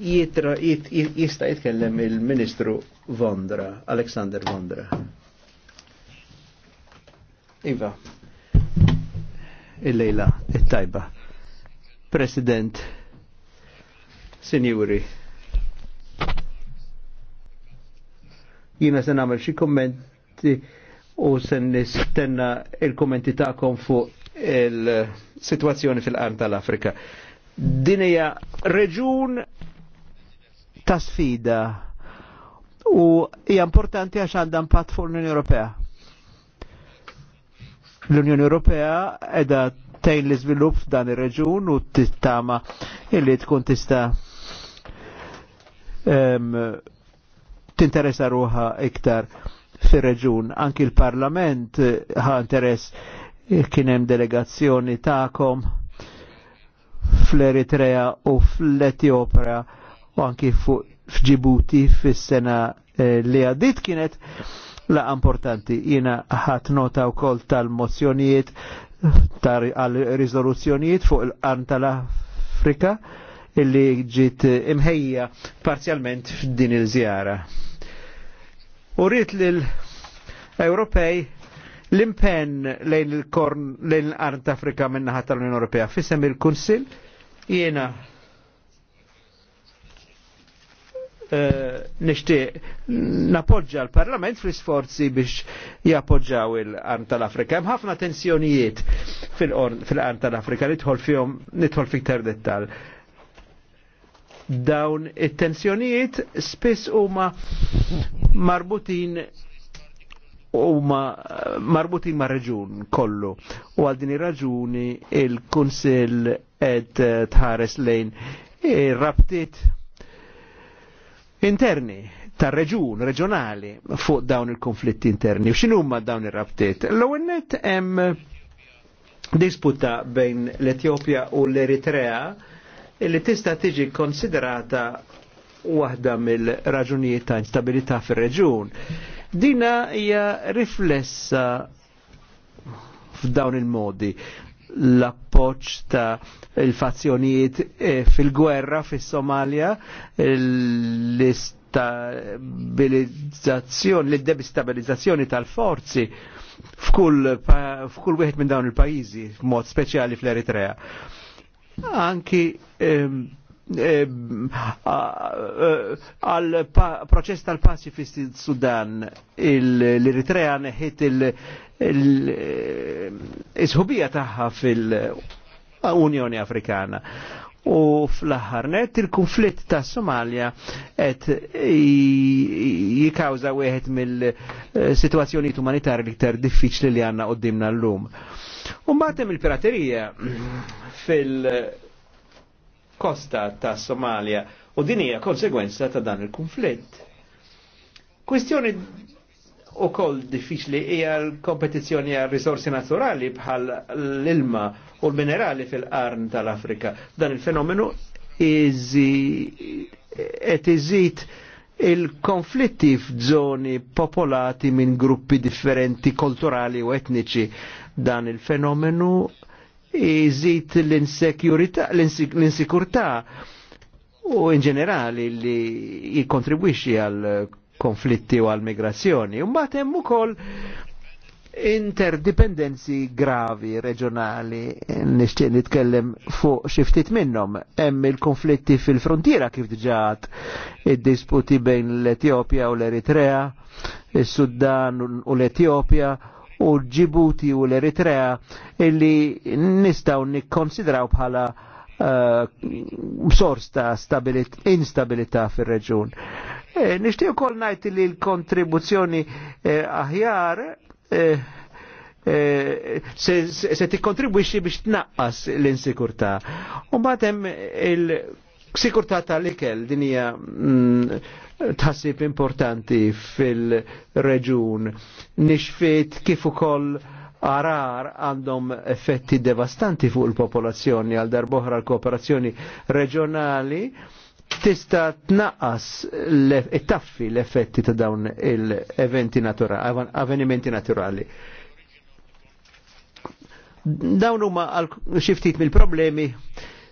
jitra, jit, jista jitkellem il-Ministru Vondra, Aleksander Vondra. Iva, il-lejla, il-tajba. President, Signori, jina se għamil xie kommenti u se nistenna il-kommenti ta'kom fuq il-situazzjoni fil-qarn tal-Afrika. Dinija reġun ta' sfida u hija importanti għax għandha impatt fuq l-Unjoni Ewropea. L-Unjoni Ewropea qiegħda tgħin l-iżvilupp f'dan ir-reġun u tittama illi tkun tista' tinteressa ruħa iktar fir-reġun. Anki l-Parlament ħa interess kien hemm delegazzjoni tagħkom fl-Eritrea u fl-Etjopra u anki fuq fġibuti fis-sena eh, li għaddit kienet la importanti jina ħat nota u tal-mozzjonijiet tal-rizoluzzjonijiet fuq il-qarn tal-Afrika illi ġiet imħejja parzjalment f'din il-żjara. U rrit l-Ewropej l-impenn lejn il-qarn tal-Afrika min-naħa tal-Unjoni Ewropea fissem il-Kunsil jiena Eh, nixtieq napoġġa l-Parlament fl-isforzi biex jappoġġaw il-qarn tal-Afrika. Hemm ħafna tensjonijiet fil-qarn tal-Afrika li tħol fihom nidħol fiktar dettal. Dawn it-tensjonijiet spiss huma marbutin u ma marbutin ma' reġun kollu. U għal din ir-raġuni il-Kunsill qed tħares lejn ir-rabtiet interni tar reġun reġjonali fuq dawn il-konflitti interni. U x'inhu huma dawn ir-rabtiet? L-ewwel net hemm disputa bejn l-Etjopja u l-Eritrea li tista' tiġi konsiderata waħda mill-raġunijiet ta' instabilità fir-reġun. Dina hija riflessa f'dawn il-modi appoċ ta' il-fazzjonijiet eh, fil-gwerra fil somalia l-istabilizzazzjoni, l-debistabilizzazzjoni tal-forzi f'kull wieħed minn dawn il-pajjiżi, mod speċjali fl-Eritrea. Anki ehm, ehm, għal proċess tal-paċi fis sudan l-Eritrea neħit il- l-isħubija tagħha fil-Unjoni Afrikana. U fl-aħħar il-konflitt ta' Somalia qed jikkawża wieħed mill-sitwazzjonijiet umanitarji li iktar diffiċli li għandna qudiemna llum. U mbagħad il-piraterija fil-kosta ta' Somalia u din hija konsegwenza ta' dan il-konflitt. Kwestjoni u koll diffiċli hija l-kompetizzjoni għal risorsi naturali bħal l-ilma u l-minerali fil-qarn tal-Afrika. Dan il-fenomenu qed iżid il-konflitti f'żoni popolati minn gruppi differenti kulturali u etniċi. Dan il-fenomenu iżid l-insikurtà u in ġenerali li jikontribwixi għal konflitti u għal-migrazzjoni. mbagħad hemm ukoll interdipendenzi gravi reġjonali nixtieq nitkellem fuq xi ftit minnhom. Hemm il-konflitti fil-frontiera kif diġat id-disputi bejn l-Etjopja u l-Eritrea, is-Sudan u l-Etjopja u l Ġibuti u l-Eritrea illi nistgħu nikkonsidraw bħala uh, sors ta' instabilità fir-reġjun Eh, Nishtiju kol najt li l-kontribuzzjoni eh, aħjar eh, eh, se, se, se ti kontribuixi biex tnaqqas l-insikurta. Un batem il-sikurta tal-ikel dinija mm, tħassib importanti fil-reġun. Nixfit kif ukoll arar għandhom effetti devastanti fuq il-popolazzjoni għal darboħra l-kooperazzjoni reġjonali tista tnaqqas taffi l-effetti ta' dawn il-eventi naturali, avvenimenti naturali. Dawn huma xiftit mill-problemi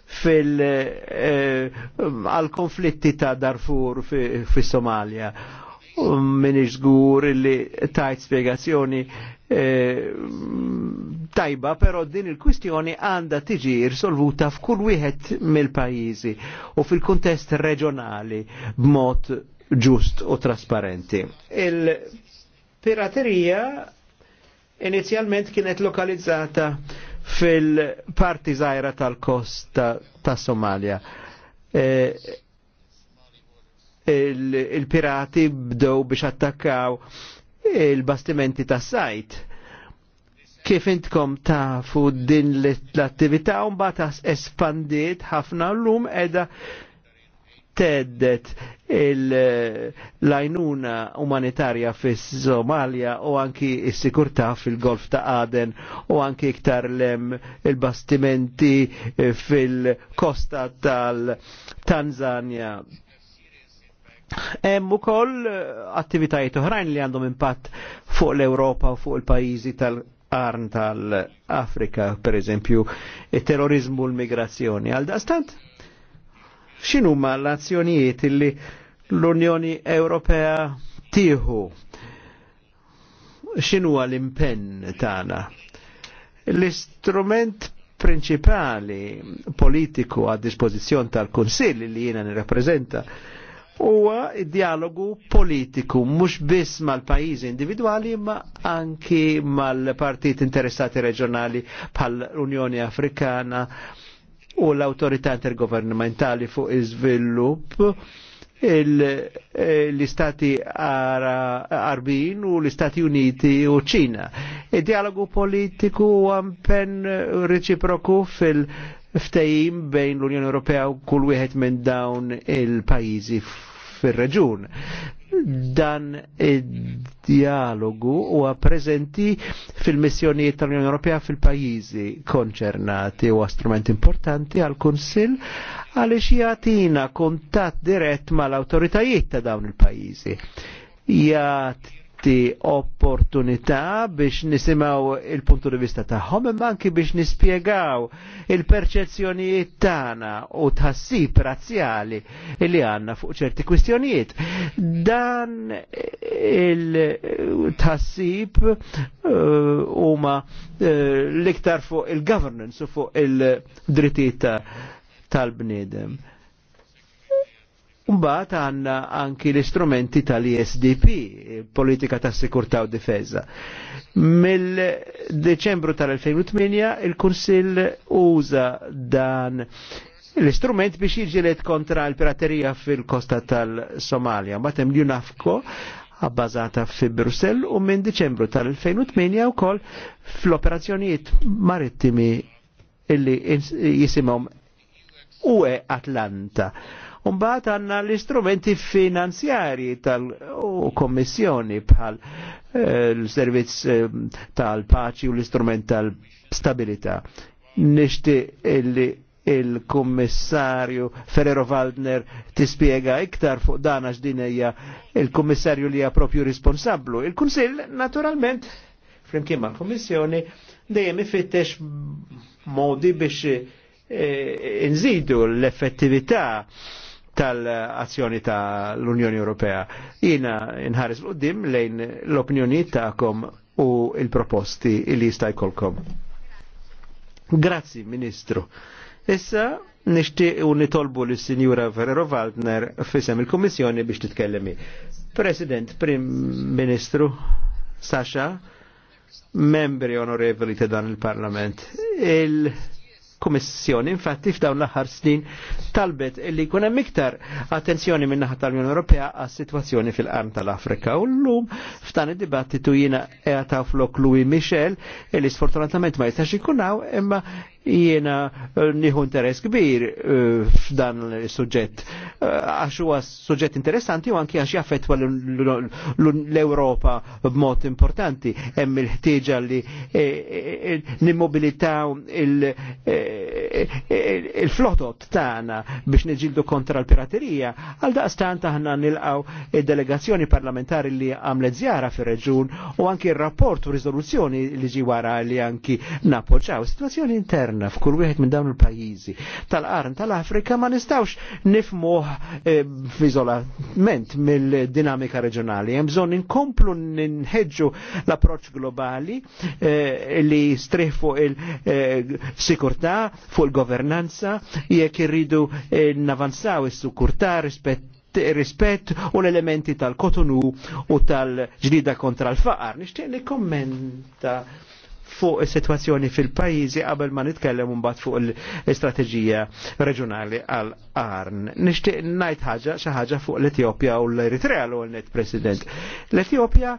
fil-konflitti eh, ta' Darfur fi Somalia. Um, minix zgur li tajt spiegazzjoni E, tajba, pero din il-kwistjoni għanda tiġi irsolvuta f'kull wieħed mill-pajjiżi u fil-kuntest reġjonali b'mod ġust u trasparenti. Il-piraterija inizjalment kienet lokalizzata fil-parti zaħira tal-kosta ta' Somalia. E, il-pirati bdew biex attakkaw il-bastimenti tas sajt kif intkom tafu din l-attività un bata espandiet ħafna l-lum edha teddet il-lajnuna umanitarja fis somalia u anki s-sikurta fil-golf ta' Aden u anki iktar lem il-bastimenti fil-kosta tal-Tanzania Hemm ukoll eh, attivitajiet oħrajn li għandhom impatt fuq l-Ewropa u fuq il-pajjiżi tal-qarn tal-Afrika, per eżempju, terrorizmu u l-migrazzjoni. Għal dastant, x'inhuma l-azzjonijiet li l-Unjoni Ewropea tieħu x'inhuwa l-impenn tagħna. L-istrument prinċipali politiku għad dispożizzjon tal-Kunsill li jiena nirrappreżenta huwa dialogu politiku mhux biss mal-pajjiżi individwali ma anki mal-partit interessati reġjonali bħall-Unjoni Afrikana u l awtorità intergovernamentali fuq iż-żvilupp eh, l-Istati Arbin u l-Istati Uniti u Ċina. Id-dialogu politiku għampen reċiproku fil- ftejim bejn l-Unjoni Ewropea u kull wieħed minn dawn il-pajjiżi fir-reġun. Dan id-dialogu huwa preżenti fil-missjonijiet tal-Unjoni Ewropea fil-pajjiżi konċernati huwa strument importanti għal kunsill għaliex jagħtina kuntatt dirett mal-awtoritajiet ta' dawn il-pajjiżi. Jat nati opportunità biex nisimaw il-puntu di vista tagħhom imma anki biex nispjegaw il-perċezzjonijiet tagħna u tħassib razzjali li għandna fuq ċerti kwistjonijiet. Dan il-tħassib eh, huma eh, l-iktar fuq il-governance u fuq il-drittijiet tal-bniedem. Ta Umbat għandna anki l-istrumenti tal-ISDP, politika ta' sikurta u difeza. Mill-Deċembru tal-2008 il-Kunsill uża dan l-istrument biex jiġilet kontra l-piraterija fil-kosta tal-Somalia. Matem li nafko abbażata fi Brussell u minn Deċembru tal-2008 wkoll fl-operazzjonijiet marittimi illi jisimhom UE Atlanta Umbat għanna l-istrumenti finanzjari tal-Kommissjoni bħal eh, l-servizz eh, tal-paċi u l-istrument tal-stabilità. Nishti illi il-kommissarju Ferrero Waldner tispiega iktar fuq dana għax din hija il-kommissarju li hija propju responsablu. Il-Kunsill naturalment flimkien mal-Kommissjoni dejjem ifittex modi biex eh, inżidu l-effettività tal-azzjoni ta' l-Unjoni Ewropea. Jina nħares qudiem lejn l-opinjoni ta'kom u il-proposti li jista' jkollkom. Grazzi, Ministru. Issa nixtieq u nitolbu lis sinjura Ferrero Waldner fisem il-Kummissjoni biex titkellemi. President, Prim Ministru, Sasha, membri onorevoli ta' dan il-Parlament. il, -parlament. il kummissjoni infatti f'dawn l-aħħar snin talbet li jkun hemm iktar attenzjoni min naħa tal-Unjoni Ewropea għas sitwazzjoni fil-qarn tal-Afrika. U llum f'dan id-dibattitu jiena qiegħed flok Louis Michel li sfortunatament ma jistax ikun hawn imma jiena eh, nieħu interess kbir eh, f'dan il-suġġett. Eh, għax huwa suġġett interessanti u anki għax jaffettwa l-Ewropa b'mod importanti. Hemm il-ħtieġa li nimmobilitaw il-flotot tagħna biex niġildu kontra l-piraterija. Għal daqstant aħna nilqaw delegazzjoni parlamentari li għamlet zjara fir-reġun u anki r-rapport u riżoluzzjoni li ġi wara li anki napoġġaw. Situazzjoni interna interna f'kull wieħed minn dawn il-pajjiżi tal-qarn tal-Afrika ma nistgħux nifmuh eh, f'iżolament mill-dinamika reġjonali. Hemm bżonn inkomplu nħeġġu l-approċċ globali eh, li strih fuq il-sikurtà, eh, fuq il-governanza, jekk irridu navanzaw is-sukurtà rispett rispett u l-elementi tal-kotonu u tal ġdida kontra l-faqar. Nishtiq li kommenta fuq is-sitwazzjoni fil-pajjiżi qabel ma nitkellem mbagħad fuq l-istrateġija reġjonali għal arn Nixtieq ngħid ħaġa xi ħaġa fuq l-Etjopja u l-Eritrea l net President. L-Etjopja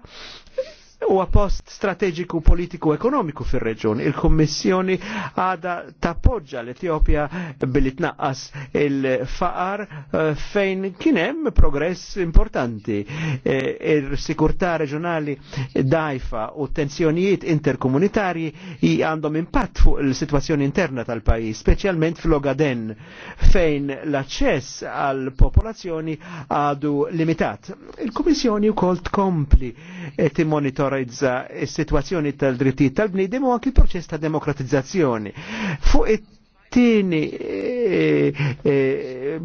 huwa post strateġiku politiku ekonomiku fir-reġjun. Il-Kummissjoni għada tappoġġa l-Etjopja billi tnaqqas il-faqar eh, fejn kien hemm progress importanti. Eh, il-sikurtà reġjonali dajfa u tensjonijiet interkomunitarji għandhom impatt fuq il-sitwazzjoni interna tal-pajjiż, speċjalment fl-Ogaden fejn l-aċċess għall popolazzjoni għadu limitat. Il-Kummissjoni wkoll tkompli eh, timmonitor jivalorizza is-sitwazzjoni tal-drittijiet tal-bniedem u anki proċess ta' demokratizzazzjoni. Fuq it tini eh, eh,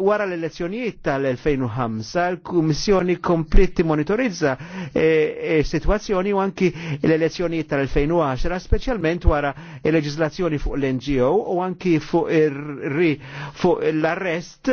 wara l-elezzjonijiet tal-2005 l-Kummissjoni kompletti monitorizza eh, situazzjoni u anki l-elezzjonijiet tal-2010 specialment wara il-leġislazzjoni fuq l-NGO u anki fuq l-arrest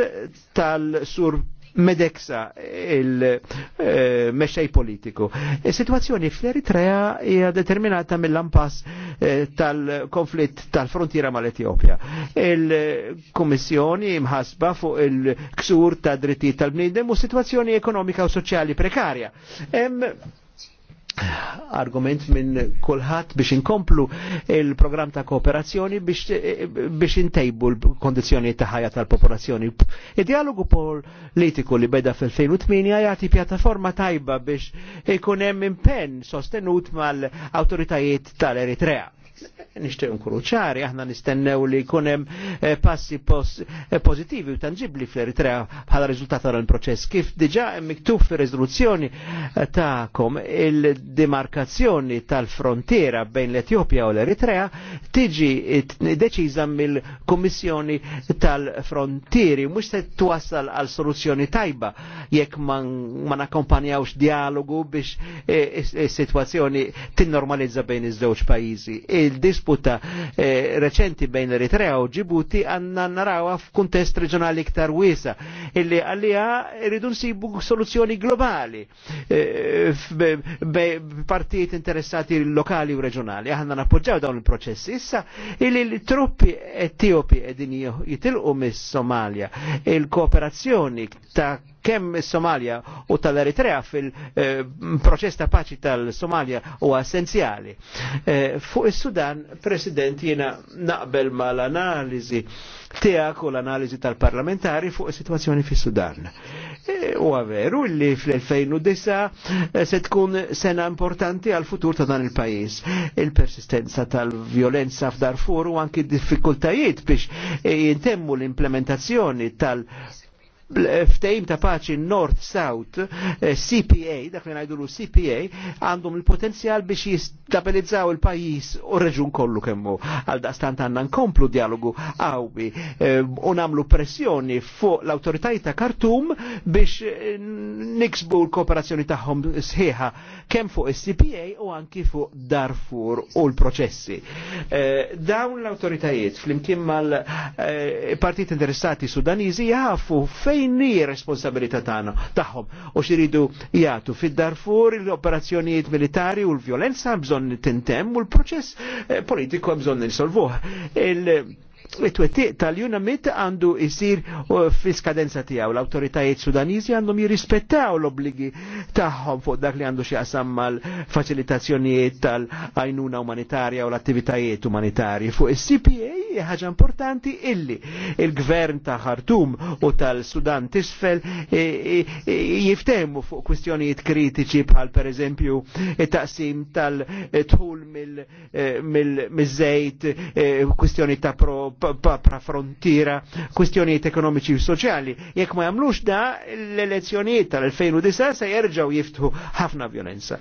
tal-sur Medeksa il-mexxej eh, politiku. E situazzjoni fl-Eritrea hija determinata mill-ampass eh, tal-konflitt tal-frontiera mal-Etjopja. Il-Kummissjoni mħasba fuq il-ksur ta' drittijiet tal-bniedem u situazzjoni ekonomika u soċjali prekarja argument minn kulħadd biex inkomplu il-programm ta' kooperazzjoni biex, intejbu l-kondizjoni ta' ħajja tal-popolazzjoni. Id-dialogu politiku li beda fil-2008 jagħti pjattaforma tajba biex ikun hemm impenn sostenut mal-awtoritajiet tal-Eritrea nishtiq nkunu ċari, aħna nistennew li kunem passi pozitivi u tangibli fl-Eritrea bħala rizultat tal il-proċess. Kif diġa miktub fi rezoluzzjoni ta'kom il-demarkazzjoni tal-frontiera bejn l-Etjopja u l-Eritrea tiġi deċiża mill-Kummissjoni tal-Frontieri, mhux se twassal għal soluzzjoni tajba jekk ma nakkompanjawx dialogu biex is-sitwazzjoni tinnormalizza bejn iż-żewġ pajjiżi il-disputa eh, reċenti bejn eritrea u Ġibuti għanna narawa f'kuntest reġjonali iktar wiesa illi għalija rridu nsibu soluzzjoni globali eh, partijiet interessati lokali u reġjonali. Aħna nappoġġaw dawn il-proċessi issa illi l-truppi etiopi edin jitilqu mis-Somalia il-kooperazzjoni ta' kemm is-Somalia u tal-Eritrea fil-proċess ta' paċi tal-Somalia huwa essenzjali. Eh, fuq is-Sudan, President, jiena naqbel mal-analiżi tiegħek u l-analiżi tal-parlamentari fuq is-sitwazzjoni fis-Sudan. Eh, u veru li fl-2009 eh, se tkun sena importanti għal futur ta' dan il-pajis. Il-persistenza tal-violenza f'Darfur u anki diffikultajiet biex jintemmu l-implementazzjoni tal- Eh, ftejim ta' paċi North-South eh, CPA, dak li ngħidu CPA, għandhom il-potenzjal biex jistabilizzaw il-pajis u reġun kollu kemmu. Għal daqstant għandna nkomplu dialogu għawbi eh, u nagħmlu pressjoni fuq l-autoritajiet ta' Kartum biex niksbu l-kooperazzjoni tagħhom sħiħa kemm fuq is-CPA u anki fuq Darfur u l-proċessi. Dawn l-autoritajiet fl-imkien mal-partit interessati sudaniżi jafu fej fejn ni responsabilità tagħna tagħhom u xiridu jagħtu fid-Darfur l-operazzjonijiet militari u l-vjolenza bżonn tintemm u l-proċess eh, politiku bżonn insolvuh it-twettiq tal-UNAMID għandu jisir uh, fi skadenza tiegħu. L-awtoritajiet sudaniżi għandhom jirrispettaw l-obbligi tagħhom fuq dak li għandu x'jaqsam mal-faċilitazzjonijiet tal-għajnuna umanitarja u l-attivitajiet umanitarji. Fuq is-CPA ħaġa importanti illi il-gvern ta' Ħartum u tal-Sudan tisfel e, e, e, jiftemmu fuq kwistjonijiet kritiċi bħal per eżempju taqsim tal-tħul mill-żejt, kwistjoni ta' pro pra frontiera kwistjonijiet ekonomiċi u soċjali. Jekk ma jagħmlux da l-elezzjonijiet tal-2009 se jerġgħu jiftħu ħafna violenza.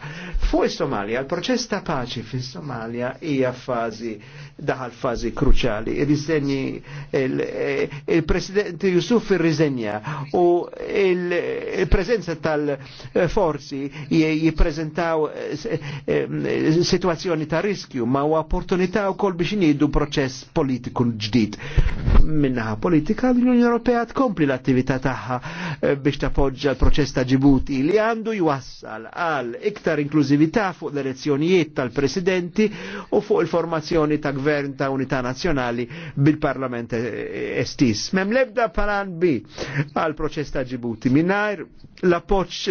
Fuq is-Somalia, l-proċess ta' paċi fis-Somalia hija fażi daħal fażi kruċali. Riżenji eh, il-President il Jusuf irriżenja u il-preżenza tal-forzi jippreżentaw eh, eh, situazzjoni ta' riskju ma' u opportunità wkoll biex nidu proċess politiku ġdid. Minnaħa politika l-Unjoni Ewropea tkompli l-attività tagħha eh, biex tappoġġa l-proċess ta' Ġibuti li għandu jwassal għal iktar inklużività fuq l-elezzjonijiet tal-presidenti u fuq il-formazzjoni ta' gvern ta' unità nazzjonali bil-Parlament estis. Mem lebda paran bi għal proċess ta' Ġibuti Minnaħir l appoċ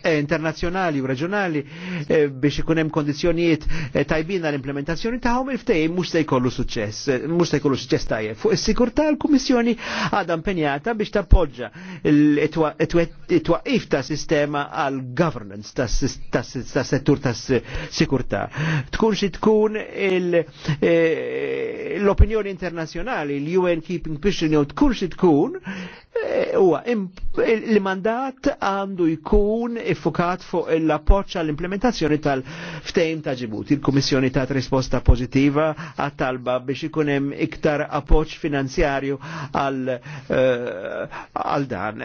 Eh, internazjonali u reġjonali eh, biex ikun hemm kondizzjonijiet eh, tajbin għall-implementazzjoni tagħhom il-ftehim mhux se jkollu suċċess, mhux se jkollu suċċess tajjeb. Fuq is-sikurtà l-Kummissjoni għadha impenjata biex tappoġġa it twaqqif ta' sistema għal governance tas settur tas sikurtà. Tkun xi tkun l-opinjoni internazzjonali, l-UN Keeping Mission jew tkun xi tkun huwa l mandat għandu jkun iffukat fuq l-appoċ għall-implementazzjoni tal-ftejm ta' Ġibuti. Il-Kummissjoni tat risposta pożittiva għat-talba biex ikun hemm iktar appoċ finanzjarju għal eh, dan.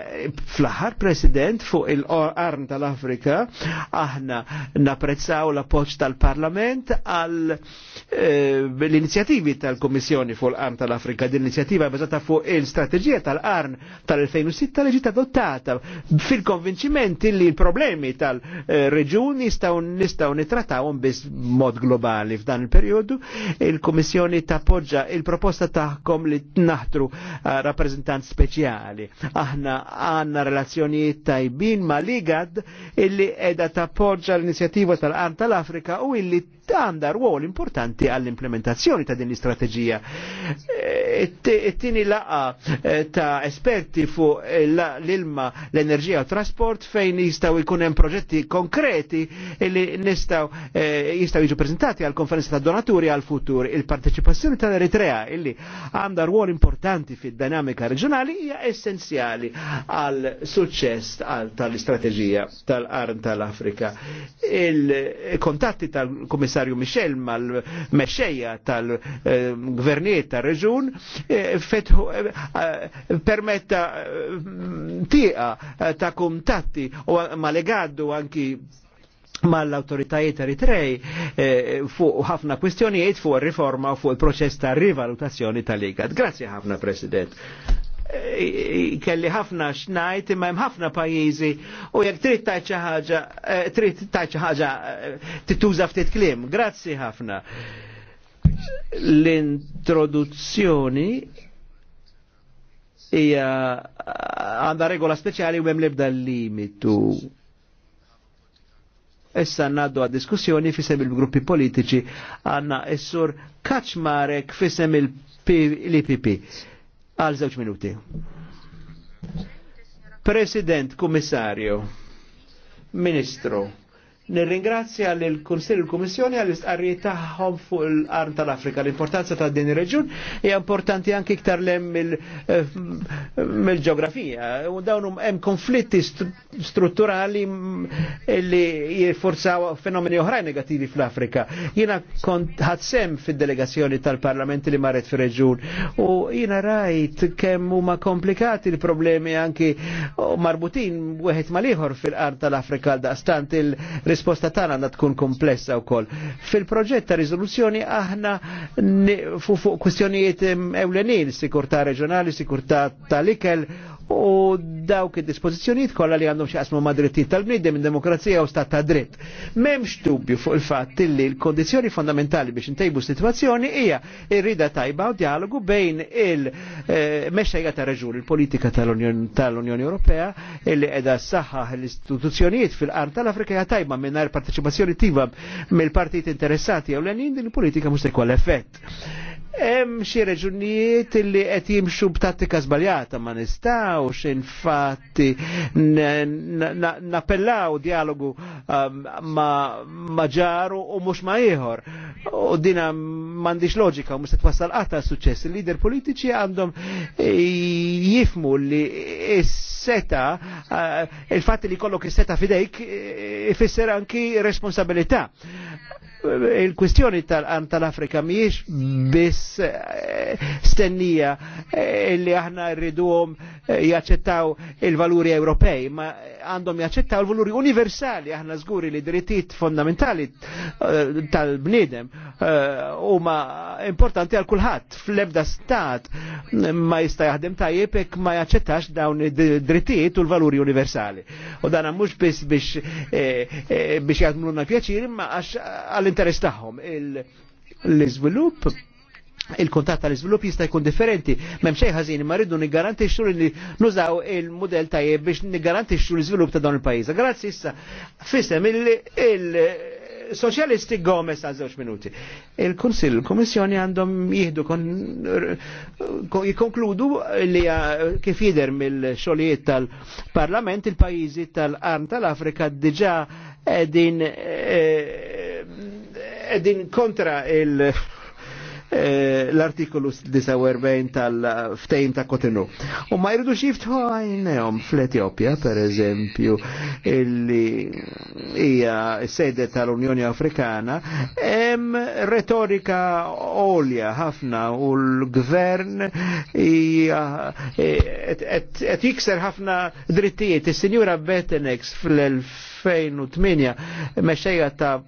Fl-aħħar President fuq il arm tal-Afrika aħna napprezzaw l-appoċ tal-Parlament għal eh, l-inizjativi tal-Kummissjoni fuq l arm tal-Afrika. Din l-inizjativa bażata fuq il-strateġija tal arm tal-2006 tal-ġiet adottata fil konvinċimenti li il-problemi tal reġuni nistaw nistaw nitratawhom biss mod globali f'dan il-perjodu. Il-Kummissjoni tappoġġa il-proposta taħkom li naħtru eh, rappreżentant speċjali. Aħna għandna relazzjonijiet tajbin ma' Ligad illi qiegħda tappoġġa l-inizjattiva tal-Qarn tal-Afrika u illi għandha rwol importanti għall-implementazzjoni ta' din l-istrateġija. E, Tini laqa e, ta' esperti fu e, l-ilma, l-enerġija u trasport fejn jistaw ikunem proġetti konkreti li nistaw jistaw jiġu prezentati għal konferenza ta' donaturi għal futur il-parteċipazzjoni tal-Eritrea illi għandha rwol importanti fid-dinamika reġjonali hija essenzjali għal suċċess tal-istrateġija tal arn tal-Afrika. Il-kontatti tal-Kummissarju kummissarju Michel, mal-mexxejja tal-gvernijiet tal reġun eh, fetħu eh, permetta eh, tieqa ta' kuntatti u ma' legaddu anki mal-autoritajiet eritrej fuq ħafna kwistjonijiet fuq riforma fuq il-proċess ta' rivalutazzjoni tal igad Grazie ħafna, President kelli ħafna xnajt imma hemm ħafna pajjiżi u jekk trid tajt xi ħaġa eh, trid tajt xi ħaġa eh, tituża ftit kliem. Grazzi ħafna. L-introduzzjoni hija għandha regola speċjali u hemm l-ebda limitu. Issa ngħaddu għad diskussjoni fisem il-gruppi politiċi għandna għanna sur kaċmarek fisem il ppp għal żewġ minuti. President, Kummissarju, Ministru, Nirringrazzja l kunsill il kummissjoni għall istqarrijiet tagħhom fuq il-qarn tal-Afrika. L-importanza ta' din ir-reġjun hija importanti anke iktar lem mill-ġeografija. U dawn hemm konflitti strutturali li jiffurzaw fenomeni oħrajn negattivi fl-Afrika. Jiena kont ħadd sem fid-delegazzjoni tal-Parlament li marret fir-reġjun u jiena rajt kemm huma komplikati l-problemi anke marbutin wieħed mal-ieħor fil-qarn tal-Afrika għal daqstant il risposta tagħna għandha tkun komplessa wkoll. Fil-proġett ta' riżoluzzjoni aħna fuq fu kwistjonijiet ewlenin, sikurtà reġjonali, sikurtà tal-ikel u dawk id-dispożizzjonijiet kollha li għandhom xaqsmu ma' drittijiet tal-bniedem minn demokrazija u stat ta' dritt. M'hemmx dubju fuq il-fatt li l-kondizzjoni fondamentali biex intejbu situazzjoni hija rrida tajba u dialogu bejn il-mexxejja eh, ta' reġun, il-politika tal-Unjoni Ewropea illi qiegħda saħħaħ l-istituzzjonijiet fil-qarn tal-Afrika hija tajba mingħajr partecipazzjoni tiva mill partijiet interessati jew l-għanin din il-politika mhux effett Hemm xi reġunijiet li qed jimxu b'tattika żbaljata ma nistgħux infatti nappellaw dialogu um, ma ġaru u mhux ma ieħor. U dina m'għandix loġika u mhux se twassal qatta suċċess. Il-lider politiċi għandhom eh, jifmu li s-seta eh, il-fatt li kollok is-seta fidejk eh, ifisser anki responsabilità il-kwistjoni tal afrika miex biss eh, stennija eh, illi aħna rriduhom eh, jaċċettaw il-valuri Ewropej, ma għandhom jaċċettaw il-valuri universali aħna żguri li drittijiet fondamentali tal bnidem Eh, huma importanti għal kulħadd fl-ebda stat ma jista' jaħdem tajjeb hekk ma jaċċettax dawn id-drittijiet u l-valuri universali. U dan mhux biss biex eh, eh, biex jagħmluna pjaċir imma għax għall-interess tagħhom. L-iżvilupp il-kontat tal-izvilupp jista' jkun differenti. M'hemm xejn ħażin, ma rridu niggarantixxu li nużaw il-mudell tajjeb biex niggarantixxu l-iżvilupp ta' dawn il-pajjiż. Grazzi issa fisem il Soċjalisti Gomez għal żewġ minuti. il kunsil il-Kummissjoni għandhom jihdu jikonkludu li eh, kif jider mill-xogħlijiet tal-Parlament il-pajjiżi tal-Arm tal-Afrika diġà din eh, din kontra il- Eh, l-artikolu 49 tal-ftejn ta' Kotinu. U ma jridu xiftu għajnejom fl-Etjopja, per eżempju, illi hija sede tal-Unjoni Afrikana, hemm retorika olja ħafna u l-gvern qed eh, jikser ħafna drittijiet. Is-Sinjura Betenex fl elf 2008 mexxejja ta'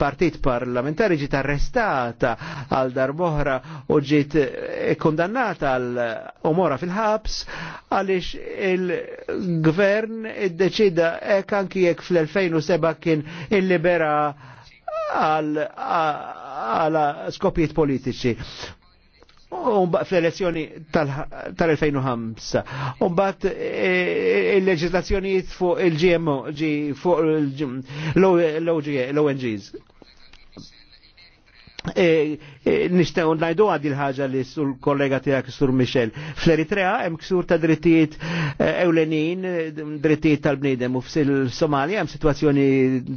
partit parlamentari ġiet arrestata għal darboħra u ġiet eh, kondannata għal omora fil-ħabs għaliex il-gvern iddeċida hekk anki jekk fl-2007 kien illibera għal skopijiet politiċi. Umbat fl-elezzjoni tal-2005. Umbat e, e, il leġislazzjoni fuq il-GMO, fuq l-ONGs. E, e, nistgħu najdu għad il ħagġa li sul kollega tijak Sur Michel. Fl-Eritrea hemm ksur ta' drittijiet e, ewlenin, drittijiet tal bnidem u fil-Somalia hemm situazzjoni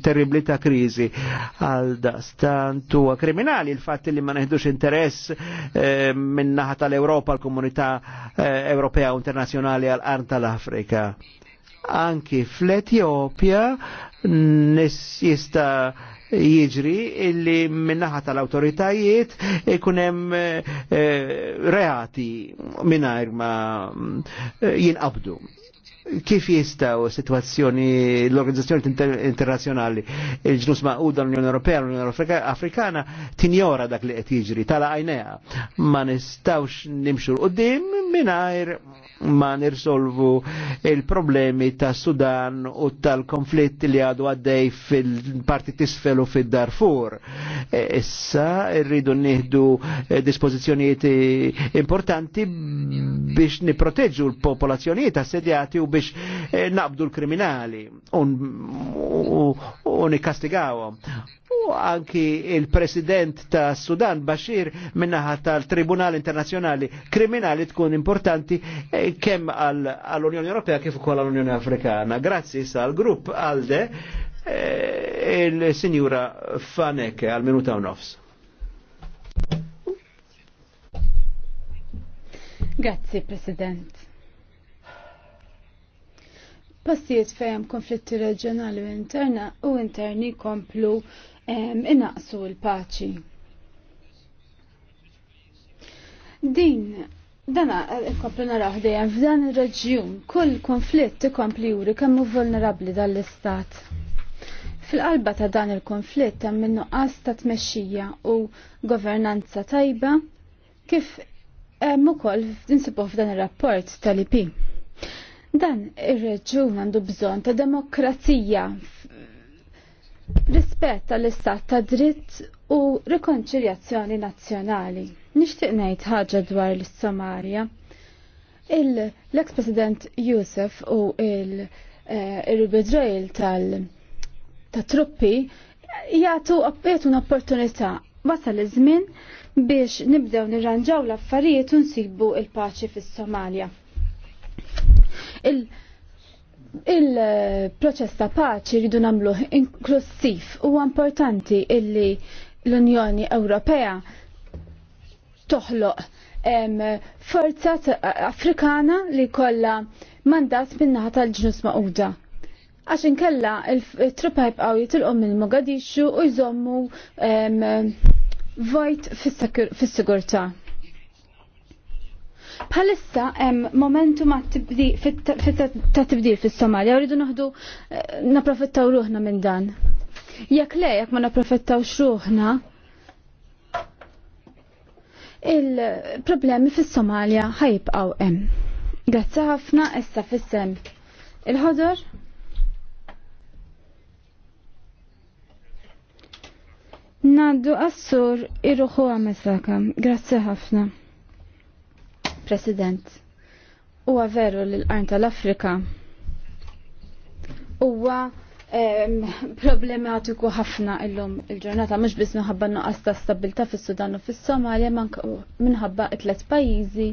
terribli ta' kriżi għal stantu kriminali il fat li ma neħdux interess min-naħa tal europa l-Komunità Ewropea u internazjonali għal arn tal-Afrika. Anki fl-Etjopja nis jista' jiġri illi minnaħa tal-autoritajiet ikunem eh, reati minnaħir ma mm, eh, jinqabdu kif jistaw situazzjoni l-organizzazzjoni internazjonali il-ġnus maquda l-Unjoni Ewropea l-Unjoni Afrikana tinjora dak li qed jiġri tala għajnea ma nistawx nimxu l qudiem mingħajr ma nirsolvu il-problemi ta' Sudan u tal-konflitt li għadu għaddej fil-parti tisfelu fid fil-Darfur. E, issa rridu nieħdu e, dispożizzjonijiet importanti biex niproteġu l-popolazzjonijiet assedjati u biex eh, naqbdu l-kriminali un nikastigawhom. U anki il-president ta' Sudan Bashir minnaħa tal-Tribunal Internazjonali Kriminali tkun importanti eh, kem għall-Unjoni Ewropea kif ukoll għall-Unjoni Afrikana. Grazzi sal grupp għalde eh, il-Sinjura Faneke għal-minuta u nofs. Grazzi, President passijiet fejem konflitti reġjonali u interna u interni komplu inaqsu l-paċi. Din Dana, eh, komplu naraħ dejjem f'dan ir-reġjun, kull konflitt ikompli juri kemm hu vulnerabbli dal-istat. Fil-qalba ta' dan il-konflitt hemm min-nuqqas ta' tmexxija u governanza tajba kif hemm ukoll insibu f'dan ir-rapport tal-IP. Dan ir-reġun għandu bżon ta' demokrazija, rispett għall-istat ta' dritt u rikonċiljazzjoni nazzjonali. Nixtieq ngħid ħaġa dwar l-Somalia. eks president Youssef u il-bidrejl eh, tal-truppi jgħatu jgħatu opportunità wasal iż-żmien biex nibdew nirranġaw l-affarijiet u nsibu il-paċi fis-Somalja il-proċess il eh, ta' paċi rridu namluh inklusiv u importanti illi l-Unjoni Ewropea toħloq forza Afrikana li kolla mandat minnaħa tal-ġnus maquda. Għax inkella il-truppa jibqaw jitilqu minn Mogadishu u jżommu vojt fis-sigurta. Bħalissa hemm momentum ta' tibdil fis-Somalja Uridu rridu noħdu eh, naprofittaw ruħna minn dan. Jekk le, jekk ma naprofittawx ruħna, il-problemi fis-Somalja ħajbqgħu hemm. Grazzi ħafna issa fis-sem. Il-ħodor Naddu assur irruħu għamessaka. Grazzi ħafna. President. Huwa veru li l-qarn tal-Afrika huwa problematiku ħafna illum il-ġurnata mhux biss minħabba nuqqas ta' stabilità fis-Sudan u fis-Somalja minħabba tliet pajjiżi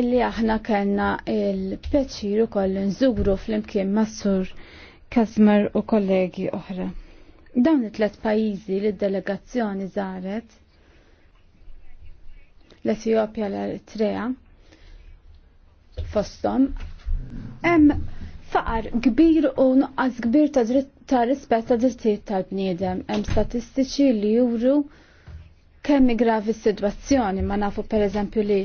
illi aħna kellna il-peċir ukoll nżuru flimkien Massur mas-sur u kollegi oħra. Dawn it-tlet pajjiżi li d-delegazzjoni żaret l etiopja l-Eritrea fostom hemm faqar kbir u nuqqas kbir ta' dritt ta' rispett ta' drittijiet tal-bniedem. Hemm statistiċi li juru kemm gravi s-sitwazzjoni ma nafu pereżempju li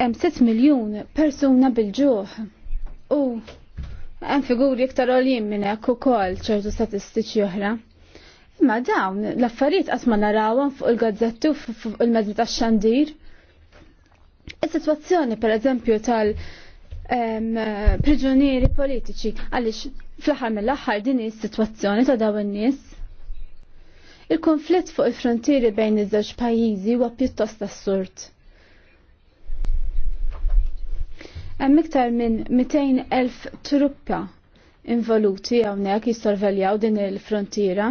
hemm 6 miljun persuna bil-ġuħ u hemm figuri iktar għoljin minn hekk ukoll ċertu statistiċi oħra. Ma dawn, l-affarijiet qatt ma narawhom fuq il-gazzetti u fuq il-mezzi tax-xandir. Is-sitwazzjoni pereżempju tal- priġunieri politiċi għaliex fl-aħħar mill-aħħar din is-sitwazzjoni ta' dawn in-nies. Il-konflitt fuq il-frontieri bejn iż-żewġ pajjiżi huwa pjuttost assurd. Hemm iktar minn 200,000 truppa involuti hawnhekk jissorveljaw din il-frontiera.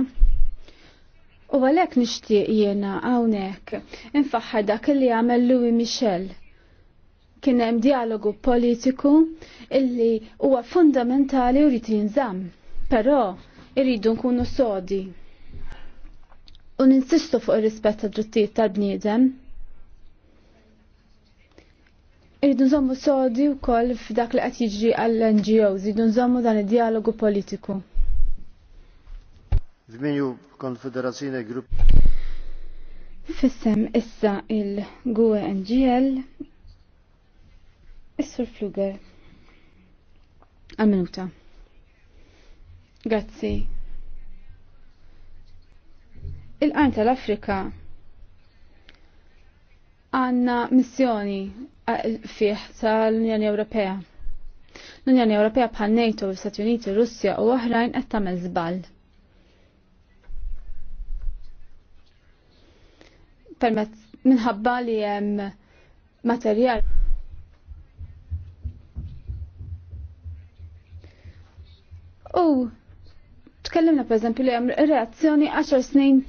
U għalek nishtiq jena għawnek, infaxħar dak li għamel Louis Michel. Kien hemm dialogu politiku illi huwa fundamentali u jinżamm, però irridu nkunu sodi. U ninsistu fuq ir-rispett tad drittijiet tal-bniedem. Irridu nżommu sodi wkoll f'dak li qed jiġri għall-NGOs, irridu nżommu dan id-dialogu politiku. Zmiju konfederazzjoni grupp. Fissem issa il-GUE NGL, Is-Sur Fluger, għal-minuta. Grazzi. Il-qarn tal-Afrika għanna missjoni fih tal-Unjoni Ewropea. L-Unjoni Ewropea bħal NATO, Stati Uniti, Russja u oħrajn qed tagħmel żball permezz minħabba li hemm materjal. U tkellimna eżempju li hemm reazzjoni 10 snin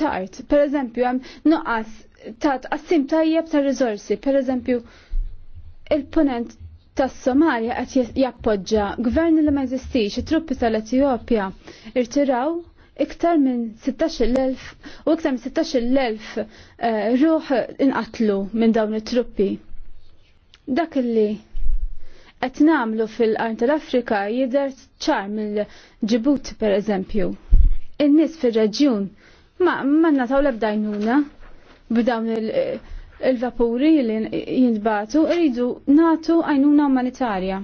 tard. Pereżempju hemm nuqqas ta' tqassim tajjeb ta' Per Pereżempju il-ponent tas somalia qed jappoġġa gvern li ma jeżistix, it-truppi tal etiopja irtiraw iktar minn 16.000 u iktar minn 16.000 eh, ruħ inqatlu minn dawn it-truppi. Dak li qed nagħmlu fil-qarn tal-Afrika jidher ċar mill-Ġibut pereżempju. In-nies fir-reġjun ma ma nataw l-ebda jnuna b'dawn il-vapuri li jintbatu rridu natu għajnuna umanitarja.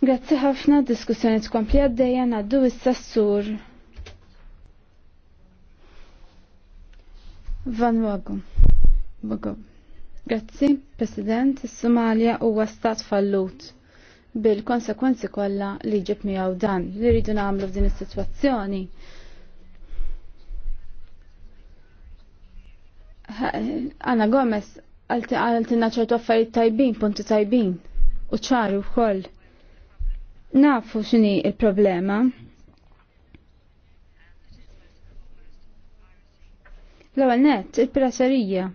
Grazzi ħafna diskussjoni tkompli għaddejja għaddu issa s-sur. Van Wagu. Wago. Grazzi, President, Somalia huwa stat fallut bil-konsekwenzi kollha li ġib miegħu dan li rridu nagħmlu f'din is-sitwazzjoni. Anna Gomez għaltina ċertu affarijiet tajbin, punti tajbin u ċari wkoll nafu x'inhi il-problema. L-ewwel nett il prasarija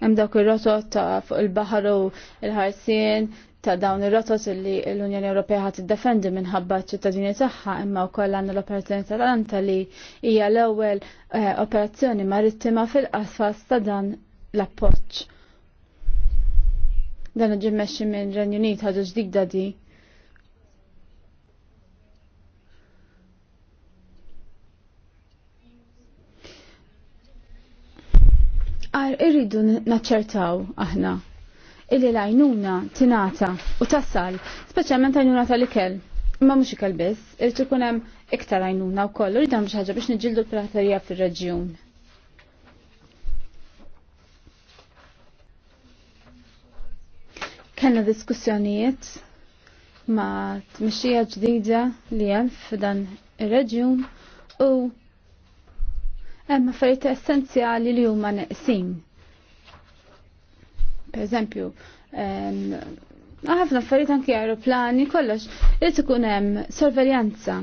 Hemm dawk ir-rotot ta' fuq il-baħar u l-ħarsien ta' dawn ir-rotot li l-Unjoni Ewropea ħadd tiddefendi minħabba ċ-ċittadini tagħha imma wkoll għandna l-operazzjoni tal-Atlanta li hija l-ewwel eh, operazzjoni marittima fil-qasfas ta' dan l-appoġġ dan ġimmexxi minn Renju Unit ħaġa di. Għar irridu naċċertaw aħna illi lajnuna tinata u tassal, speċjalment għajnuna tal-ikel. Imma mhux ikel biss, irridu ikun hemm iktar għajnuna u dan biex ħaġa biex nġildu l-praterija fir-reġjun. Kellna diskussjonijiet ma' t-mixija ġdida li hemm f'dan ir-reġjun u hemm affarijiet essenzjali li huma neqsin. Per eżempju, ħafna affarijiet anki aeroplani, kollox, irid ikun hemm sorveljanza.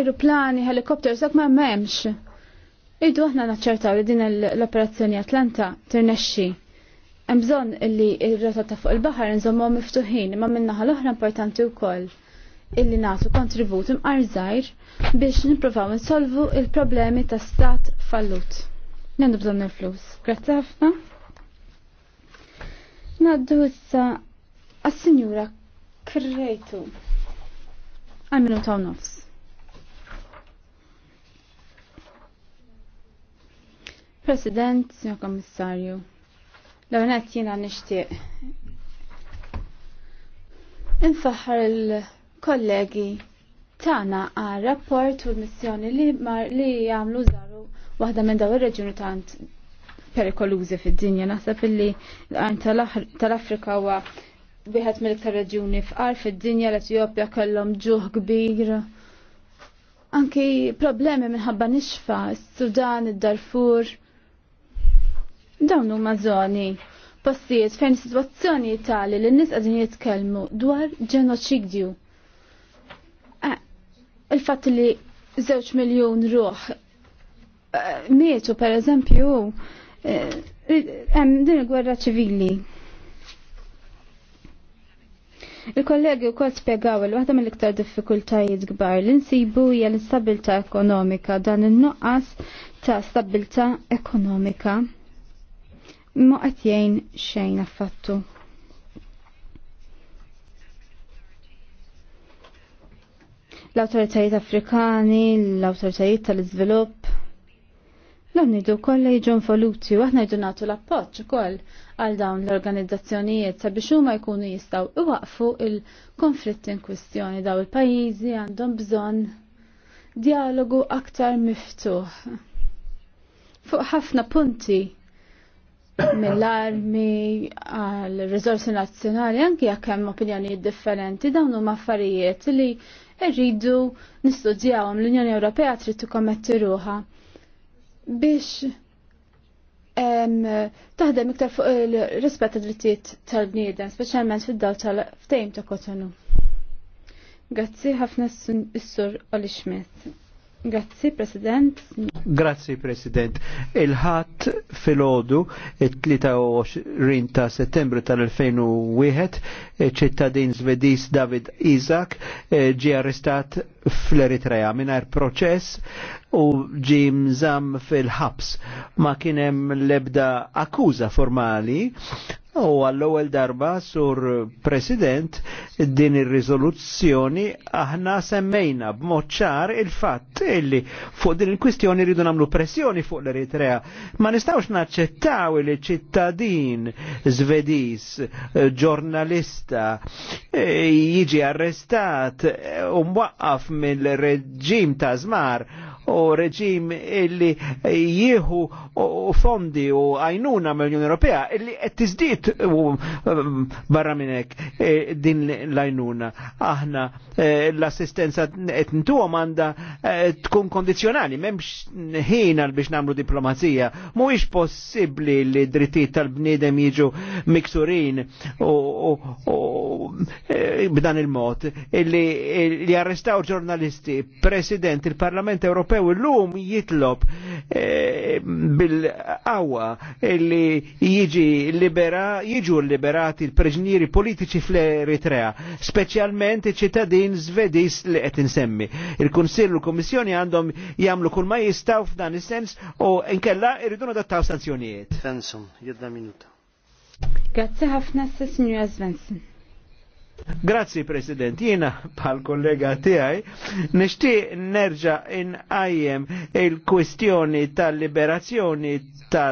Aeroplani, helikopter, sak ma memx. Idu aħna naċċertaw li din l-operazzjoni Atlanta tirnexxi. Hemm bżonn il r-rota ta' fuq il-baħar nżommu miftuħin, imma minna l-oħra importanti wkoll illi nagħtu kontribut imqarżajr biex nippruvaw insolvu il-problemi ta' stat fallut. Nendu bżonn il-flus. Grazzi ħafna. Naddu issa għas-Sinjura Krejtu. Għal-minu ta' nofs. President, Sinjur Kommissarju. L-għonet jina nishtiq. Infaħar il-kollegi tana għal rapport u missjoni li li għamlu zaru waħda minn daw ir reġuni tant perikolużi fid-dinja. Naħseb illi l tal-Afrika huwa wieħed mill-iktar reġuni fqar fid-dinja l-Etjopja kellhom ġuħ kbir. Anki problemi minħabba nixfa, sudan id-Darfur, Dawn huma żoni postijiet fejn situazzjoni tali li n-nis għadin jitkellmu dwar ġenoċidju. Il-fatt li zewċ miljon ruħ mietu per eżempju hemm e, e, din il-gwerra ċivili. Il-kollegi u kol spiegaw il waħda mill-iktar diffikultajiet gbar li nsibu hija l-istabilta ekonomika dan in-nuqqas ta' stabilta ekonomika ma qed jgħin xejn affattu. L-awtoritajiet Afrikani, l-awtoritajiet tal-iżvilupp, dawn jridu kollha jiġu involuti u aħna jdu nagħtu l-appoġġ ukoll għal dawn l-organizzazzjonijiet sabiex huma jkunu jistgħu iwaqfu il-konflitt in kwistjoni daw il-pajjiżi għandhom bżonn dialogu aktar miftuħ fuq ħafna punti mill-armi għal rizorsi nazzjonali anki jekk hemm opinjonijiet differenti dawn huma affarijiet li rridu nistudjawhom l-Unjoni Ewropea trid tikkommetti ruha biex taħdem iktar fuq il-rispett tad-drittijiet tal-bniedem, speċjalment fid-daw tal-ftejm ta' Kotonu. Grazzi ħafna s-sur Oli Schmidt. Grazzi, President. Grazzi, President. Il-ħat fil-ħodu, il-23 ta' settembru tal-2001, ċittadin svedis David Isaac eh, ġi arrestat fl-Eritrea minar proċess u ġi mżam fil-ħabs. Ma kienem lebda akkuża formali U għall-ewwel darba sur President din ir-riżoluzzjoni aħna semmejna b'mod ċar il-fatt illi fuq din il-kwistjoni rridu nagħmlu pressjoni fuq l-Eritrea. Ma nistgħux naċċettaw li ċittadin Zvediż, eh, ġurnalista eh, jiġi arrestat eh, u mwaqqaf mill-reġim ta' żmar u reġim illi jieħu fondi u għajnuna mill-Unjoni Ewropea illi qed tiżdied um, barra minn hekk e, din l-għajnuna. Aħna e, l-assistenza qed ntuhom għandha e, tkun kondizjonali, m'hemmx ħin għal biex nagħmlu diplomazija. Mhuwiex possibbli li drittijiet tal-bniedem jiġu miksurin u b'dan il-mod illi jarrestaw ġurnalisti, President il-Parlament Ewropew Ewropew l-lum jitlob eh, bil-qawwa li jiġi libera, jiġu liberati l-preġnieri politiċi fl-Eritrea, speċjalment iċ-ċittadin Svediż li qed insemmi. Il-Kunsill u l-Kummissjoni għandhom jagħmlu kull ma jistgħu f'dan is-sens u nkella irridu nadattaw sanzjonijiet. Grazie jedna minuta. ħafna, Signora Svensson. Grazzi President, jiena pal kollega tiegħi nixtieq nerġa' inqajjem il-kwistjoni tal-liberazzjoni ta'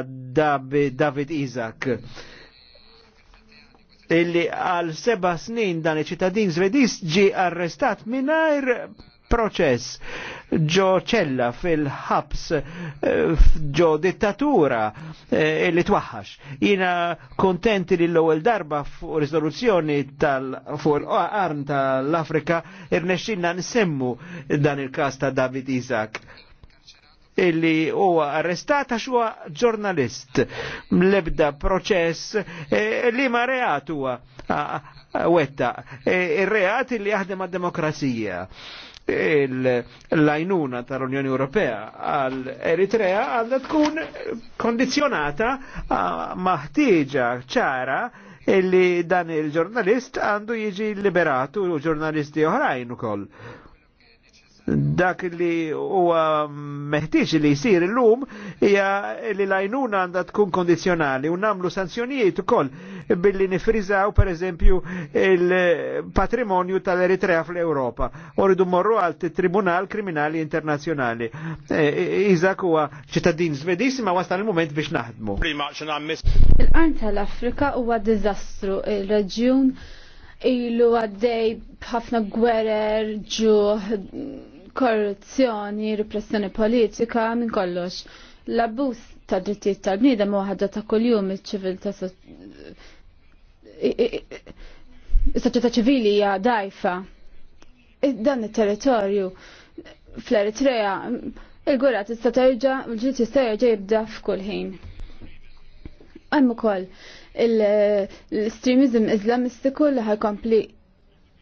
David Isaac illi għal seba snin dan il ċittadin Zvedis ġi arrestat mingħajr proċess ġo ċella fil-ħabs eh, ġo dittatura eh, illi li twaħħax. Jina kontenti li l-ewwel darba fuq riżoluzzjoni fuq l-qarn tal-Afrika irnexxinna nsemmu dan il-każ ta' David Isaac illi huwa arrestata xuwa ġurnalist mlebda proċess eh, li ma reat huwa wetta. Ir-reati e, e li jaħdem għad-demokrazija l-lajnuna tal-Unjoni Ewropea għal-Eritrea għandha tkun kondizjonata maħtieġa ċara illi dan il-ġurnalist għandu jiġi liberatu u ġurnalisti oħrajn ukoll dak li huwa meħtieġ li jsir illum hija li lajnuna għandha tkun kondizjonali u nagħmlu sanzjonijiet ukoll billi nifriżaw pereżempju il-patrimonju tal-Eritrea fl-Ewropa. Oridu morru għal Tribunal Kriminali Internazzjonali. E, Iżak huwa ċittadin Svediż ma wasta il-moment biex naħdmu. Il-qarn tal-Afrika huwa diżastru il-reġjun ilu għaddej ħafna gwerer ġuħ korruzzjoni, repressjoni politika, minn kollox. L-abbuż ta' drittijiet tal-bniedem waħda ta' kuljum iċ-ċiviltà is-soċjetà ċivili hija dajfa. Dan it-territorju fl-Eritrea il-gwerra tista' terġa' l-ġid jista' jerġa' jibda f'kull ħin. Hemm ukoll l-streamizm iżlamistiku li ħajkompli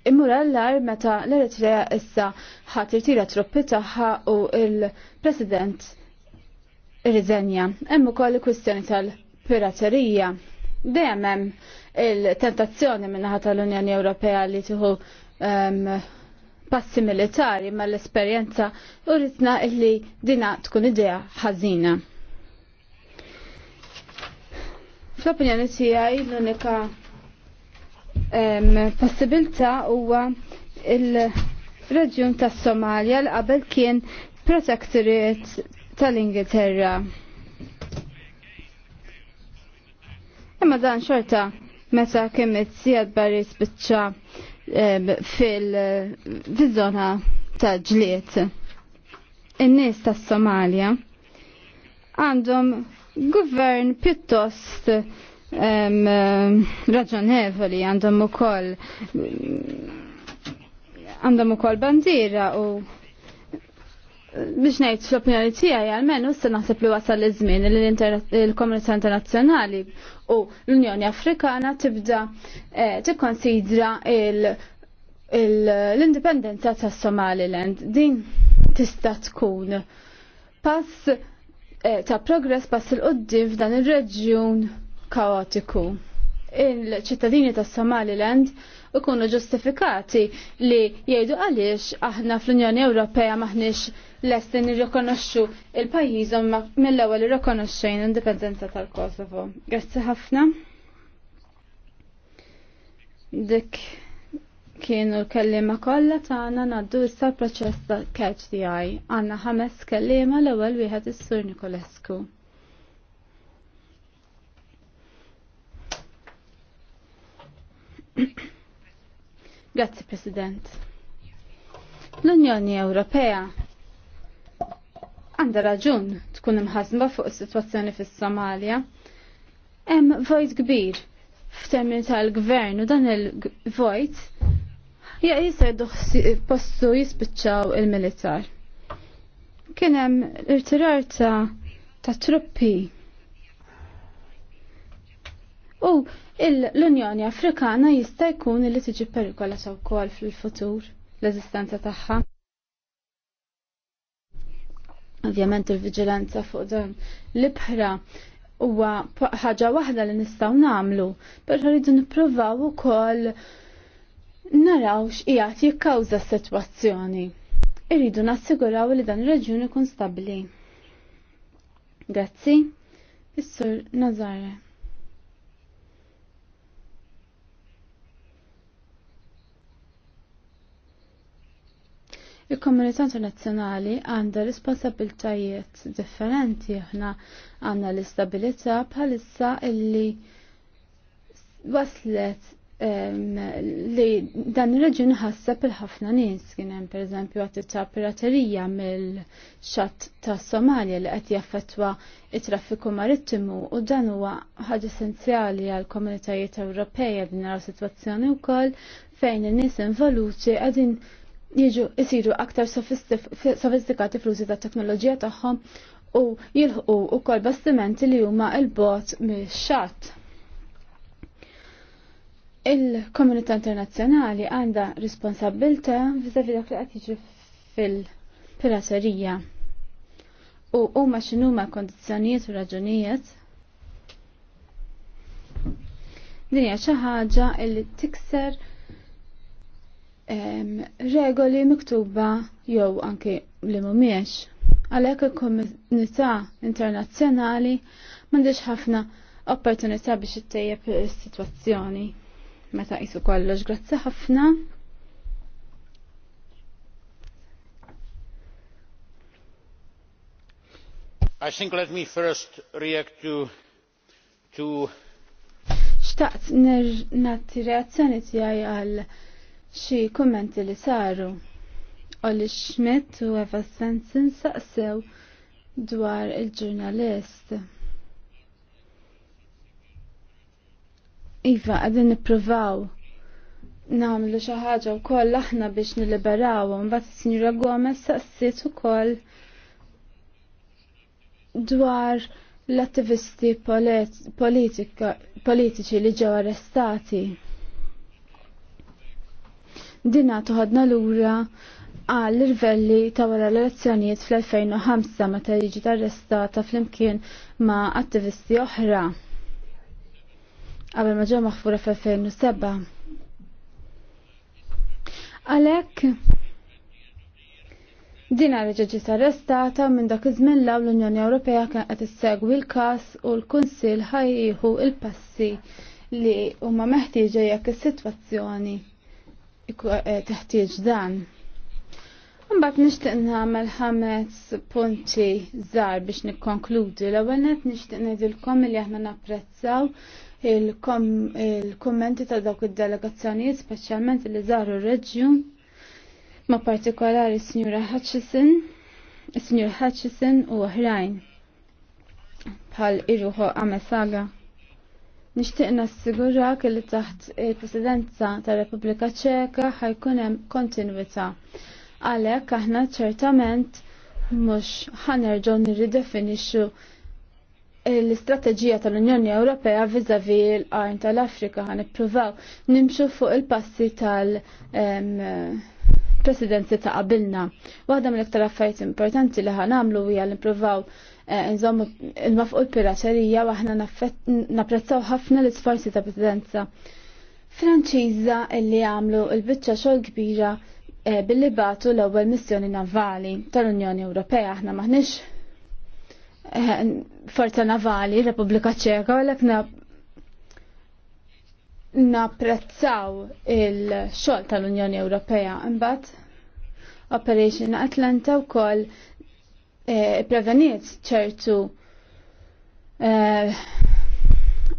immurallar meta l-Eritrea issa ħat irtira truppi tagħha u il-President irriżenja. Hemm ukoll kwistjoni tal-piraterija. Dejjem hemm il-tentazzjoni minnaħa tal-Unjoni Ewropea li tieħu ehm, passi militari ma l-esperjenza u ritna illi dina tkun idea ħażina. Fl-opinjoni tiegħi l-unika possibilità huwa il-reġjun tas somalia l qabel kien protectorate tal-Ingilterra. Imma dan xorta meta kemm it-sijad barri spiċċa fil-żona ta' ġliet. In-nies tas-Somalja għandhom gvern pjuttost Eh, raġonevoli għandhom ukoll għandhom ukoll bandiera u biex ngħid l opinjoni tiegħi u issa naħseb li wasal iż-żmien li l-komunità internazzjonali u l-Unjoni Afrikana tibda eh, tikkonsidra l-indipendenza tas Somaliland. Din tista' tkun pass eh, ta' progress pass il-qoddim f'dan ir-reġjun kaotiku. Il-ċittadini tas Somaliland ikunu ġustifikati li jgħidu għaliex aħna fl-Unjoni Ewropea maħniex lesti nirrikonoxxu il-pajjiżhom mill-ewwel irrikonoxxejn l-indipendenza tal-Kosovo. Grazzi ħafna. Dik kienu l-kellima kollha tagħna ngħaddu issa l-proċess ta' catch the Għandna ħames kellima l-ewwel wieħed is-Sur Nikolescu. Grazzi, President. L-Unjoni Ewropea għandha raġun tkun imħasba fuq is-sitwazzjoni fis-Somalja. Hemm vojt kbir f'termini tal-gvern u dan il-vojt ja jisaj postu jispiċċaw il-militar. Kien hemm irtirar ta' truppi. U l-Unjoni Afrikana jista' jkun li tiġi perikolata wkoll fil-futur l-eżistenza tagħha. Ovvjament il-viġilanza fuq dan l-ibħra huwa ħaġa waħda li nistgħu nagħmlu, però rridu nippruvaw ukoll naraw x'qiegħed jikkawża s-sitwazzjoni. Irridu nassiguraw li dan ir-reġjun ikun stabbli. Grazzi, is-Sur Nazare. Il-komunità internazzjonali għandha responsabiltajiet differenti aħna għandna l-istabilità bħalissa illi waslet li dan ir-reġjun ħasseb il-ħafna nies kien hemm pereżempju għatti piraterija mill-xatt ta' Somalja li qed jaffettwa it-traffiku marittimu u dan huwa ħaġa essenzjali għal komunitajiet Ewropej din naraw sitwazzjoni wkoll fejn in-nies involuti qegħdin jiġu jisiru aktar sofistikati fl-użi ta' teknoloġija tagħhom u jilħu u kol bastimenti li huma il-bot mix-xatt. Il-komunità internazzjonali għandha responsabilta viżavi dak li qed jiġi fil-piraterija u huma x'inhuma kondizzjonijiet u raġunijiet Dinja xi ħaġa li tikser regoli miktuba jew anke li mhumiex. Għalhekk il-komunità internazzjonali m'għandix ħafna opportunità biex ittejjeb is-sitwazzjoni. Meta qisu kollox, grazzi ħafna. I think let me first react to to Xtaqt nir nati reazzjoni tiegħi għal xi kummenti li saru. Olli Schmidt u Eva Svensson saqsew dwar il-ġurnalist. Iva, għadin niprovaw namlu xi ħaġa wkoll aħna biex niliberaw, mbagħad is-Sinjura Gomez u ukoll dwar l-attivisti politiċi li ġew arrestati. Dina tuħadna lura għall-irvelli ta' wara l-elezzjonijiet fl-2005 meta jiġi arrestata fl-imkien ma' attivisti oħra. Qabel ma ġew maħfura fl-2007. Għalhekk dina reġa ġiet arrestata minn dak iż-żmien law l-Unjoni Ewropea kien qed issegwi l-każ u l-Kunsill ħajjieħu l-passi li huma meħtieġa jekk is-sitwazzjoni Eh, teħtieġ dan. Mbagħad nixtieq nagħmel ħames punti żgħar biex nikkonkludi. L-ewwel net nixtieq ngħidilkom li aħna napprezzaw il-kummenti ta' dawk id-delegazzjonijiet speċjalment li żaru r-reġjun ma' partikolari s-Sinjura Hutchison, s-Sinjur Hutchison u oħrajn bħal irruħu saga. Nixtieq nassigurak li taħt il-Presidenza tar-Repubblika Ċeka ħajkun hemm kontinwità. Għalhekk aħna ċertament mhux ħanerġgħu nirridefinixxu l-istrateġija tal-Unjoni Ewropea viżavi l-qarn tal-Afrika ħan ippruvaw nimxu fuq il-passi tal- presidenzi ta' qabilna. Waħda mill-iktar affarijiet importanti li ħan għamlu hija li nippruvaw Eh, nżommu il-mafqu l-piraċerija u aħna napprezzaw ħafna l-isforzi ta' prezidenza Franċiża li għamlu il-bicċa xogħol kbira eh, billi batu l-ewwel missjoni navali tal-Unjoni Ewropea aħna maħniex eh, forza navali Repubblika Ċeka u l-ekna napprezzaw il-xogħol tal-Unjoni Ewropea imbagħad Operation Atlanta u Eh, preveniet ċertu għatti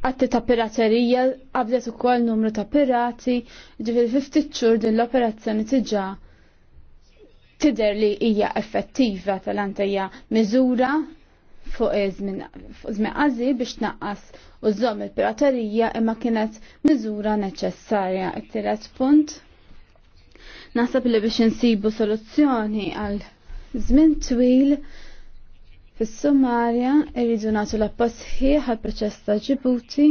eh, ta' piraterija, għabdet u kol numru ta' pirati, ġifil 50 ċur din l-operazzjoni tiġa tider li hija effettiva tal-antajja miżura fuq żmien għazi biex naqqas u żomm il-piraterija imma kienet miżura neċessarja. it punt. Nasab li biex insibu soluzzjoni għal żmien twil fis-Somalja irridu nagħtu l-appost ħieħ għall-proċess ta' Ġibuti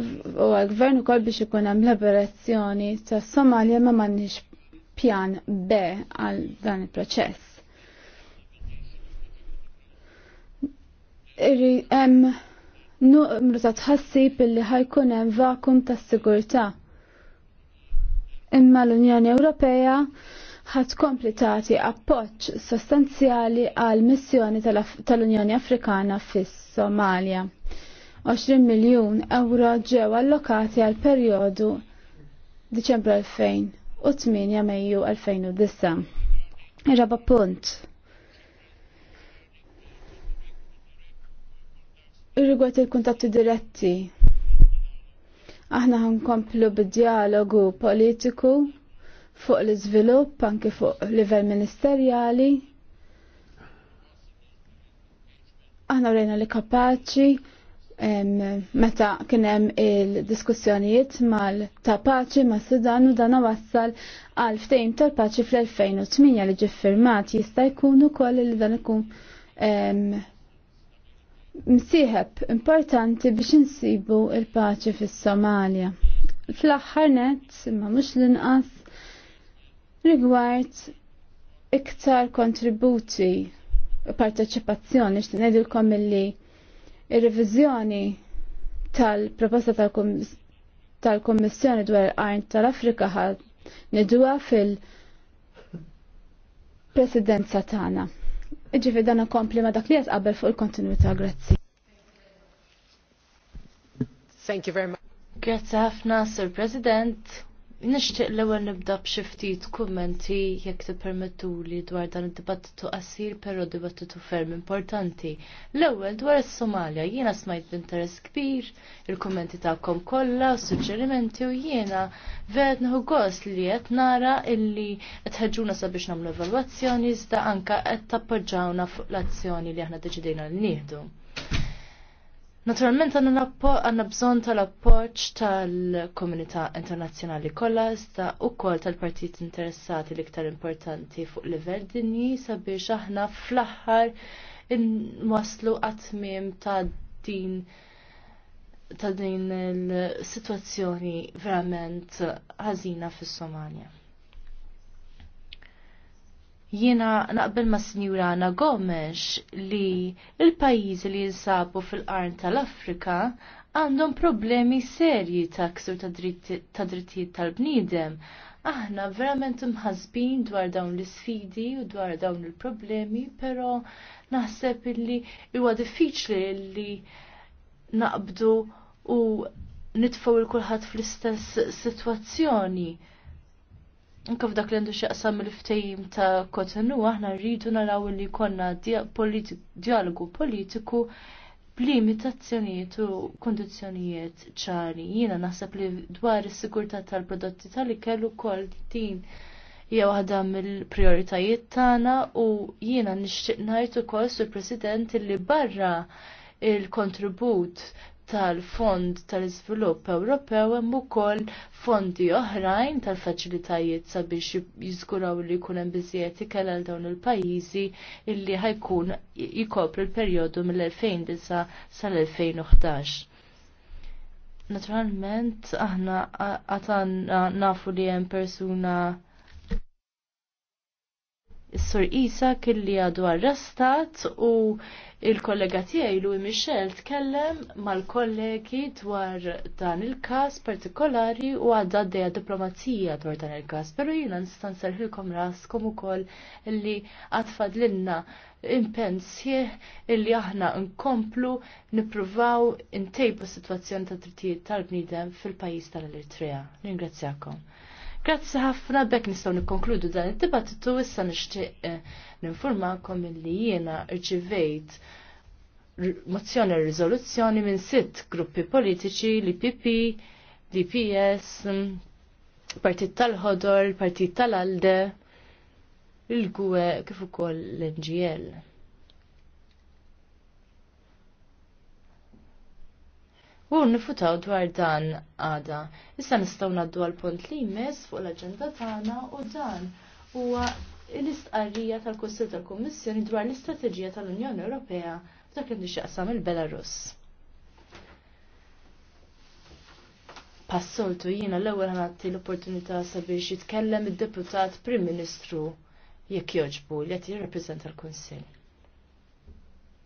u għal-gvern ukoll biex ikun hemm liberazzjoni ta' Somalja ma m'għandniex pjan B għal dan il-proċess. hemm numru ta' tħassib illi ħajkun hemm vakum tas-sigurtà imma l-Unjoni Ewropea ħat kompletati appoċ sostanzjali għal missjoni tal-Unjoni Afrikana fis somalia 20 miljun euro ġew allokati għal perjodu Diċembru 2008 Mejju 2009. Irraba punt. Irrigwet il-kuntatti diretti Aħna ħankomplu bid-dialogu politiku fuq l-iżvilupp anke fuq livell ministerjali. Aħna rejna li kapaċi meta kien hemm il-diskussjonijiet mal ta' paċi ma' Sudan u dan wassal għal ftehim tal-paċi fl-2008 li ġiffirmat jista' jkun ukoll li dan ikun msieħeb importanti biex insibu il-paċi fis-Somalja. Fl-aħħar net, imma mhux l-inqas, rigward iktar kontributi u parteċipazzjoni x'tnejdilkom milli ir revizjoni tal-proposta tal-Kommissjoni dwar il arn tal-Afrika ħad nidwa fil- presidenza tagħna. Ġifi dan kompli ma dak li jatqabbel fuq il-kontinuità, grazzi. Thank you very much. Grazzi ħafna, Sir President. Nixtieq l-ewwel nibda b'xi ftit kummenti jekk li dwar dan id-dibattitu qasir però dibattitu ferm importanti. L-ewwel dwar is-Somalja jiena smajt b'interess kbir il-kummenti tagħkom kollha, suġġerimenti u jiena vered neħu gost li qed nara illi qed ħeġuna sabiex nagħmlu evalwazzjoni iżda anke qed tappoġġawna fuq l-azzjoni li aħna deċidejna l nieħdu. Naturalment għanna bżon tal-appoċ tal-komunità internazzjonali kollha u wkoll tal-partit interessati l-iktar importanti fuq livell dinji sabiex aħna fl-aħħar waslu għatmim ta' din ta' din il-sitwazzjoni verament ħażina fis somalia Jiena naqbel ma' Sinjurana Gomes li il-pajjiżi li jinsabu fil-qarn tal-Afrika għandhom problemi serji ta' ksur ta' drittijiet tal-bniedem. Aħna verament imħazbin dwar dawn l-sfidi u dwar dawn il-problemi, pero naħseb li huwa diffiċli li naqbdu u nitfaw il-kulħadd fl-istess sitwazzjoni Nkif dak li għandu xaqsam il-ftejim ta' kotenu, aħna rridu naraw li konna dialogu politiku b'limitazzjonijiet u kondizjonijiet ċari. Jiena naħseb li dwar is-sigurtà tal-prodotti tal-ikel kol din hija waħda mill-prijoritajiet tagħna u jiena nixtieq ngħid ukoll sur President li barra il-kontribut tal-Fond tal-Iżvilupp Ewropew hemm ukoll fondi oħrajn tal-faċilitajiet sabiex jiżguraw li jkun hemm biżjed ikel għal dawn il-pajjiżi illi ħajkun jkopri l-perjodu mill-2009 sal-2011. Naturalment aħna għatan nafu li hemm persuna Is-Sur Isa kelli għadu arrestat u il-kollega tiegħi Lui Michel tkellem mal-kollegi dwar dan il-każ partikolari u għadda għaddejja diplomazija dwar dan il-każ, però jiena nistan serħilkom raskom ukoll li għatfadlilna impens li aħna nkomplu nippruvaw intejbu s-sitwazzjoni ta' Trittijiet tal bnidem fil-pajjiż tal-Eritrea. Ringrazzjakom. Grazzi ħafna bekk nistgħu nikkonkludu dan id-dibattitu issa nixtieq eh, ninformakom li jiena rċivejt mozzjoni riżoluzzjoni minn sitt gruppi politiċi li PP, DPS, Partit tal-ħodor, Partit tal-Alde, il-Gwe kif ukoll l-NGL. U nifutaw dwar dan għada. Issa nistaw naddu għal punt li jmiss fuq l-agenda tagħna u dan huwa l-istqarrija tal-Kussil tal-Kummissjoni dwar l-istrateġija tal-Unjoni Ewropea dak li xaqsam il-Belarus. Passoltu jiena l-ewwel ħanatti l-opportunità sabiex jitkellem id-deputat Prim Ministru jekk joġbu li qed jirrappreżenta l-Kunsill.